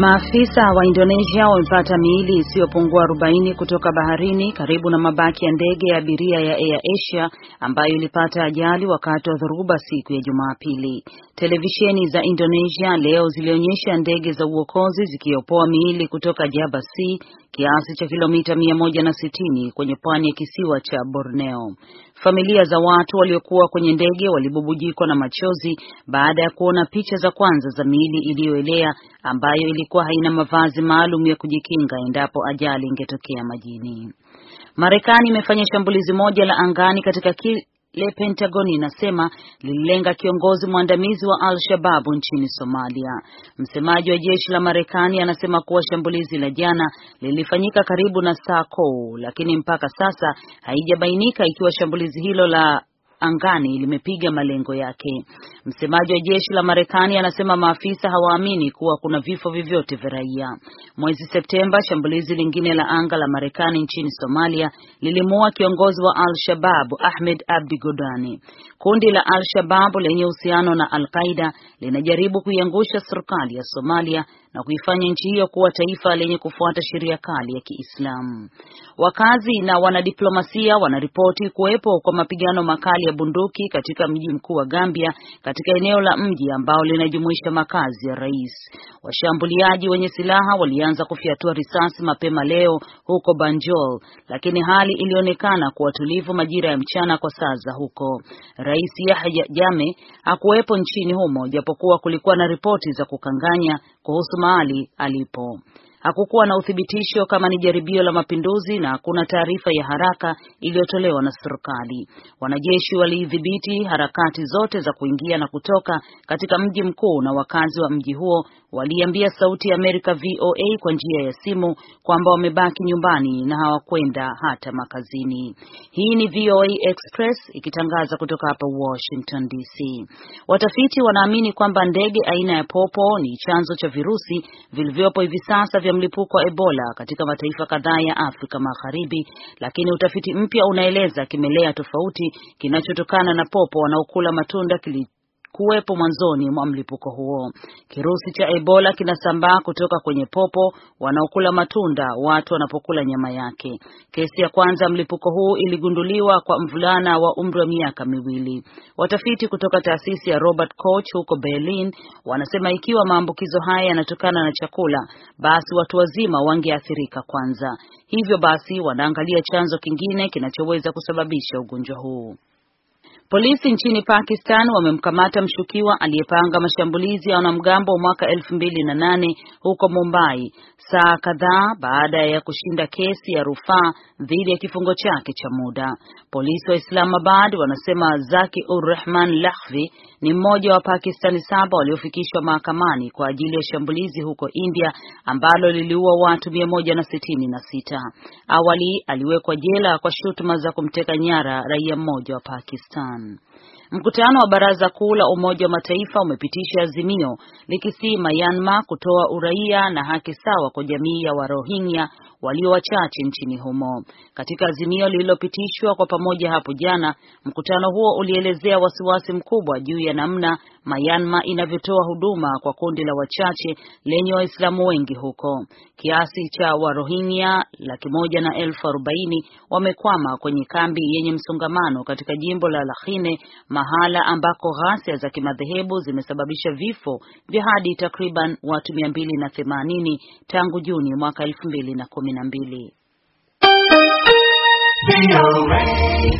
Maafisa wa Indonesia wamepata miili isiyopungua 40 kutoka baharini karibu na mabaki ya ndege ya abiria ya Air Asia ambayo ilipata ajali wakati wa dhoruba siku ya Jumapili. Televisheni za Indonesia leo zilionyesha ndege za uokozi zikiopoa miili kutoka Java Sea kiasi cha kilomita 160 kwenye pwani ya kisiwa cha Borneo. Familia za watu waliokuwa kwenye ndege walibubujikwa na machozi baada ya kuona picha za kwanza za miili iliyoelea ambayo ilikuwa haina mavazi maalum ya kujikinga endapo ajali ingetokea majini. Marekani imefanya shambulizi moja la angani katika le Pentagon inasema lililenga kiongozi mwandamizi wa Al-Shababu nchini Somalia. Msemaji wa jeshi la Marekani anasema kuwa shambulizi la jana lilifanyika karibu na Saa lakini mpaka sasa haijabainika ikiwa shambulizi hilo la angani limepiga malengo yake. Msemaji wa jeshi la Marekani anasema maafisa hawaamini kuwa kuna vifo vyovyote vya raia. Mwezi Septemba, shambulizi lingine la anga la Marekani nchini Somalia lilimuua kiongozi wa Al-Shabab Ahmed Abdi Godani. Kundi la Al-Shabab lenye uhusiano na Al-Qaida linajaribu kuiangusha serikali ya Somalia na kuifanya nchi hiyo kuwa taifa lenye kufuata sheria kali ya Kiislamu. Wakazi na wanadiplomasia wanaripoti kuwepo kwa mapigano makali ya bunduki katika mji mkuu wa Gambia, katika eneo la mji ambao linajumuisha makazi ya rais. Washambuliaji wenye silaha walianza kufyatua risasi mapema leo huko Banjul, lakini hali ilionekana kuwa tulivu majira ya mchana kwa saa za huko. Rais Yahya Jame hakuwepo nchini humo, japokuwa kulikuwa na ripoti za kukanganya kuhusu mahali alipo. Hakukuwa na uthibitisho kama ni jaribio la mapinduzi na hakuna taarifa ya haraka iliyotolewa na serikali. Wanajeshi waliidhibiti harakati zote za kuingia na kutoka katika mji mkuu na wakazi wa mji huo waliambia Sauti ya Amerika VOA kwa njia ya simu kwamba wamebaki nyumbani na hawakwenda hata makazini. Hii ni VOA Express ikitangaza kutoka hapa Washington DC. Watafiti wanaamini kwamba ndege aina ya popo ni chanzo cha virusi vilivyopo hivi sasa vya mlipuko wa Ebola katika mataifa kadhaa ya Afrika Magharibi, lakini utafiti mpya unaeleza kimelea tofauti kinachotokana na popo wanaokula matunda kilit kuwepo mwanzoni mwa mlipuko huo. Kirusi cha Ebola kinasambaa kutoka kwenye popo wanaokula matunda watu wanapokula nyama yake. Kesi ya kwanza mlipuko huu iligunduliwa kwa mvulana wa umri wa miaka miwili. Watafiti kutoka taasisi ya Robert Koch huko Berlin wanasema ikiwa maambukizo haya yanatokana na chakula, basi watu wazima wangeathirika kwanza. Hivyo basi wanaangalia chanzo kingine kinachoweza kusababisha ugonjwa huu. Polisi nchini Pakistan wamemkamata mshukiwa aliyepanga mashambulizi ya wanamgambo wa mwaka elfu mbili na nane huko Mumbai saa kadhaa baada ya kushinda kesi ya rufaa dhidi ya kifungo chake cha muda. Polisi wa Islamabad wanasema Zaki ur Rahman Lakhvi ni mmoja wa Pakistani saba waliofikishwa mahakamani kwa ajili ya shambulizi huko India ambalo liliua watu mia moja na sitini na sita. Awali aliwekwa jela kwa shutuma za kumteka nyara raia mmoja wa Pakistan. Sudan. Mkutano wa Baraza Kuu la Umoja wa Mataifa umepitisha azimio likisii Myanmar kutoa uraia na haki sawa kwa jamii ya Warohingya walio wachache nchini humo. Katika azimio lililopitishwa kwa pamoja hapo jana, mkutano huo ulielezea wasiwasi mkubwa juu ya namna Myanmar inavyotoa huduma kwa kundi la wachache lenye Waislamu wengi huko. Kiasi cha Warohingya laki moja na elfu arobaini wamekwama kwenye kambi yenye msongamano katika jimbo la Rakhine, mahala ambako ghasia za kimadhehebu zimesababisha vifo vya hadi takriban watu 280 tangu Juni mwaka 2012.